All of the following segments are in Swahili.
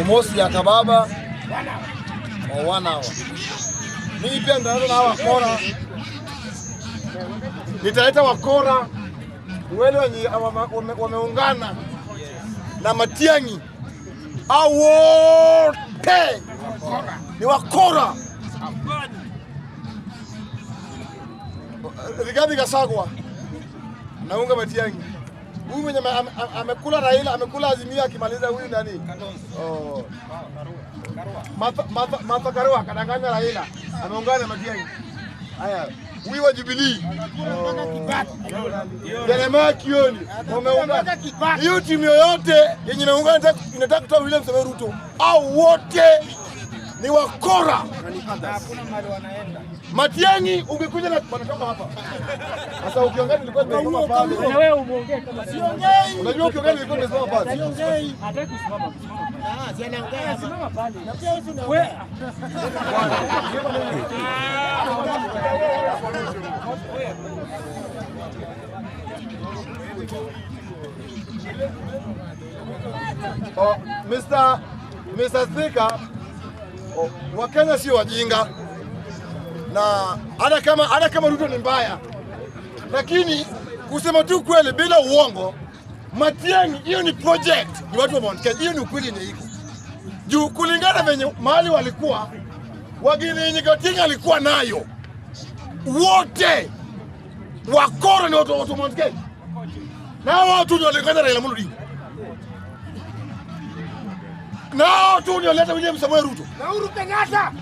Umosi ya kababa wa wanawa mimi pia nitaleta na wakora, nitaleta wakora wale wenye wameungana na Matiang'i, au wote ni wakora. Rigathi Gachagua naunga Matiang'i Huyu mwenye amekula Raila, amekula Azimio, akimaliza huyu nani, oh, Martha Karua akadanganya Raila, ameungana na Matiang'i. Haya, huyu wa Jubilee oh. Jeremiah Kioni wameungana. Hiyo timu yoyote yenye inaungana inataka kutoa William Samoei Ruto au wote ni wakora. Matiangi ungekuja na wanatoka hapa sasa. Ukiongea nilikuwa nimesimama pale, na wewe umeongea kama siongei. Unajua ukiongea nilikuwa nimesimama pale, siongei. Hataki kusimama Mr. Ah, oh, Mr. Speaker, Wakenya sio wajinga, na hata kama hata kama Ruto ni mbaya, lakini kusema tu kweli bila uongo, Matiang'i hiyo ni project ni watu wa Mount Kenya, hiyo ni ukweli, ni iko juu kulingana venye mahali walikuwa wagili Nyigatinga alikuwa nayo wote wakoro ni watu wa Mount Kenya na watu ndio walikuwa na Raila Odinga nao tu nioleta William Ruto na Uhuru Kenyatta.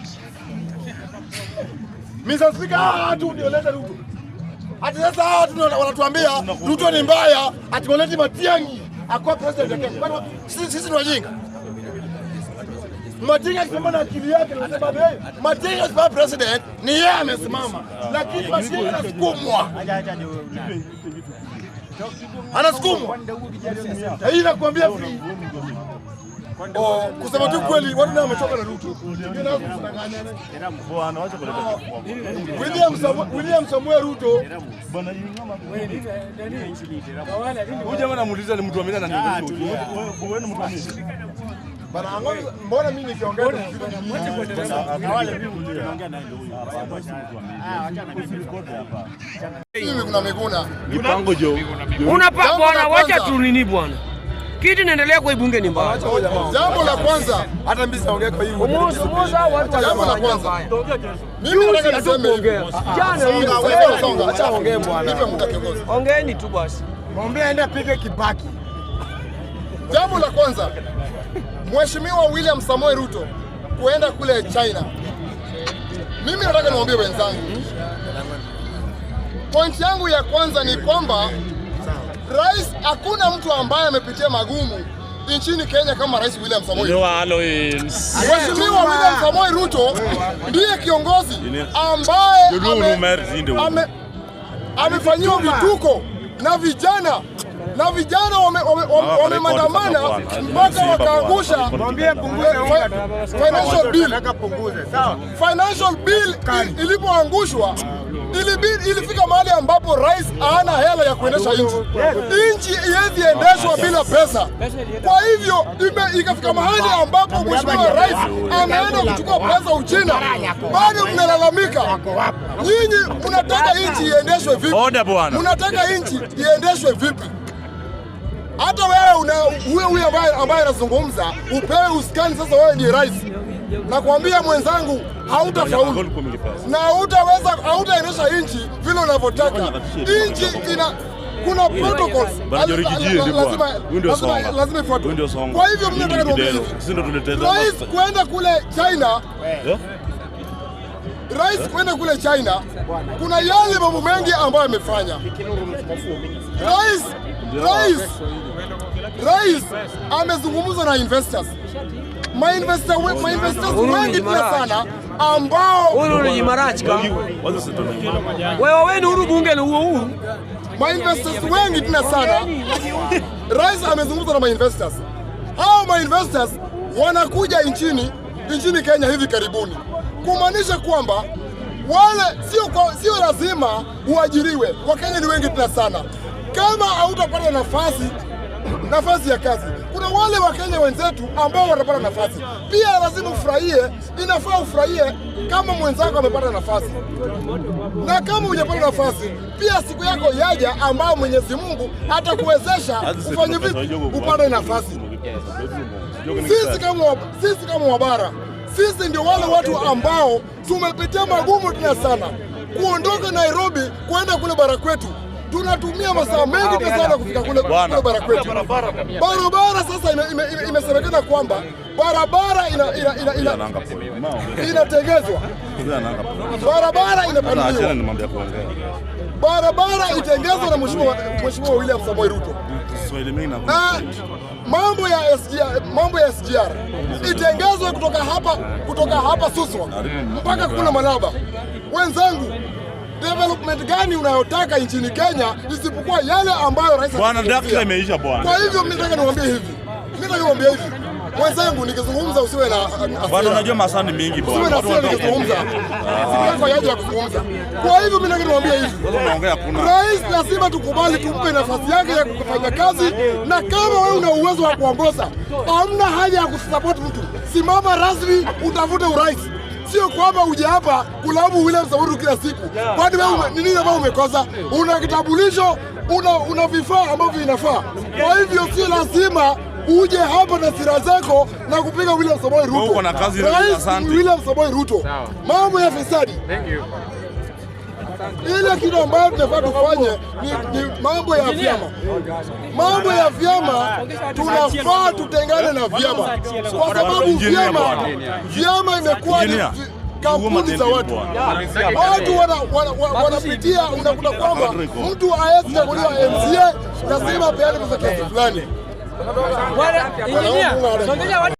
Mr. Speaker, ah, tu Ruto. Ati sasa hawa ah, tu wanatuambia Ruto ni mbaya, ati Moleti Matiang'i akuwa president ya Kenya. Sisi ni wajinga. Matinga akisimama na akili yake eh, na sababu yeye Matinga president ni yeye amesimama, lakini Matinga anasukumwa, anasukumwa. Hii nakwambia Kusema tu kweli, watu nao wamechoka na Ruto. William Samuel Ruto huyu jamaa ni mtu wa mila na Bana, mbona mimi nikiongea kuna miguna unapa bwana, wacha tu nini bwana kiti naendelea kwa ibunge ni mbaya. Jambo la kwanza hata mimi saongea kwa watu Jambo la kwanza. Mimi nataka niseme ongea. Ah, Jana ah, acha ongee bwana. Nipe kiongozi. Ongeeni tu basi. Mwambie aende apige Kibaki. Jambo la kwanza. Mheshimiwa William Samoei Ruto kuenda kule China. Mimi nataka niwaambie wenzangu. Point yangu ya kwanza ni kwamba rais, hakuna mtu ambaye amepitia magumu nchini Kenya kama Rais William Samoei. Mheshimiwa William Samoei Ruto ndiye kiongozi ambaye ame, vituko na vijana na vijana wameandamana mpaka wakaangusha financial bill. Financial bill ilipoangushwa Ilibidi, ilifika mahali ambapo rais hana hela ya kuendesha nchi. Nchi iwezi endeshwa bila pesa. Kwa hivyo ikafika mahali ambapo mheshimiwa rais ameenda kuchukua pesa Uchina, bado mnalalamika. Nyinyi mnataka nchi iendeshwe vipi? Mnataka nchi iendeshwe vipi? Hata wewe una huyo huyo ambaye anazungumza upewe usikani, sasa wewe ni rais nakwambia mwenzangu, hautafaulu na hautaweza, hautaendesha nchi vile unavyotaka. Nchi ina kuna protocols lazima ifuatwe. Kwa hivyo rais kwenda kule China eh? rais eh? kwenda kule China, kuna yale mambo mengi ambayo amefanya rais. Rais amezungumza na investors mainvesta wengi pia sana ambao wewe wenu huru bunge ni huo huu mainvestors wengi tena sana. Rais amezungumza na mainvestors. Hao mainvestors wanakuja nchini nchini Kenya hivi karibuni, kumaanisha kwamba wale sio kwa, sio lazima uajiriwe. kenya ni wengi tena sana. Kama hautapata nafasi nafasi ya kazi kuna wale Wakenya wenzetu ambao watapata nafasi pia, lazima ufurahie. Inafaa ufurahie kama mwenzako amepata nafasi, na kama hujapata nafasi pia, siku yako yaja ambayo Mwenyezi Mungu atakuwezesha ufanye vipi, upate nafasi. Sisi kama sisi kama Wabara, sisi ndio wale watu ambao tumepitia magumu tena sana kuondoka Nairobi kwenda kule bara kwetu tunatumia masaa mengi sana kufika kule barabara kwetu. Barabara sasa imesemekana kwamba barabara inatengezwa, barabara inapanuliwa, barabara itengezwa na Mheshimiwa William Samoei Ruto ah, mambo ya SGR, mambo ya SGR itengezwe kutoka hapa kutoka hapa Suswa mpaka kule Malaba. Wenzangu development gani unayotaka nchini Kenya isipokuwa yale ambayo rais bwana dakika imeisha bwana. Kwa hivyo mimi nataka niwaambie hivi, mimi nataka niwaambie hivi wenzangu, nikizungumza usiwe na bwana, unajua masaa ni mingi bwana, usiwe na hasira nikizungumza, kwa yaji ya kuzungumza. Kwa hivyo mimi nataka niwaambie hivi, rais lazima tukubali, tumpe nafasi yake ya kufanya kazi, na kama wewe una uwezo wa kuongoza, hamna haja ya kusupport mtu, simama rasmi, utafute urais sio kwamba uje hapa kulaumu William Samoei kila siku, kwani wewe ah. nini ambao umekosa? Una kitambulisho, una una vifaa ambavyo vinafaa, kwa hivyo sio lazima uje hapa na sira zako na kupiga William Samoei Ruto. Rais William Samoei Ruto, mambo ya fisadi. Thank you. Ile kitu ambayo tunafaa tufanye ni, ni mambo ya vyama, mambo ya vyama tunafaa tutengane na vyama, kwa sababu vyama vyama imekuwa ni kampuni za watu watu wanapitia, unakuta kwamba mtu ayechaguliwa MCA lazima apeane pesa kiasi fulani.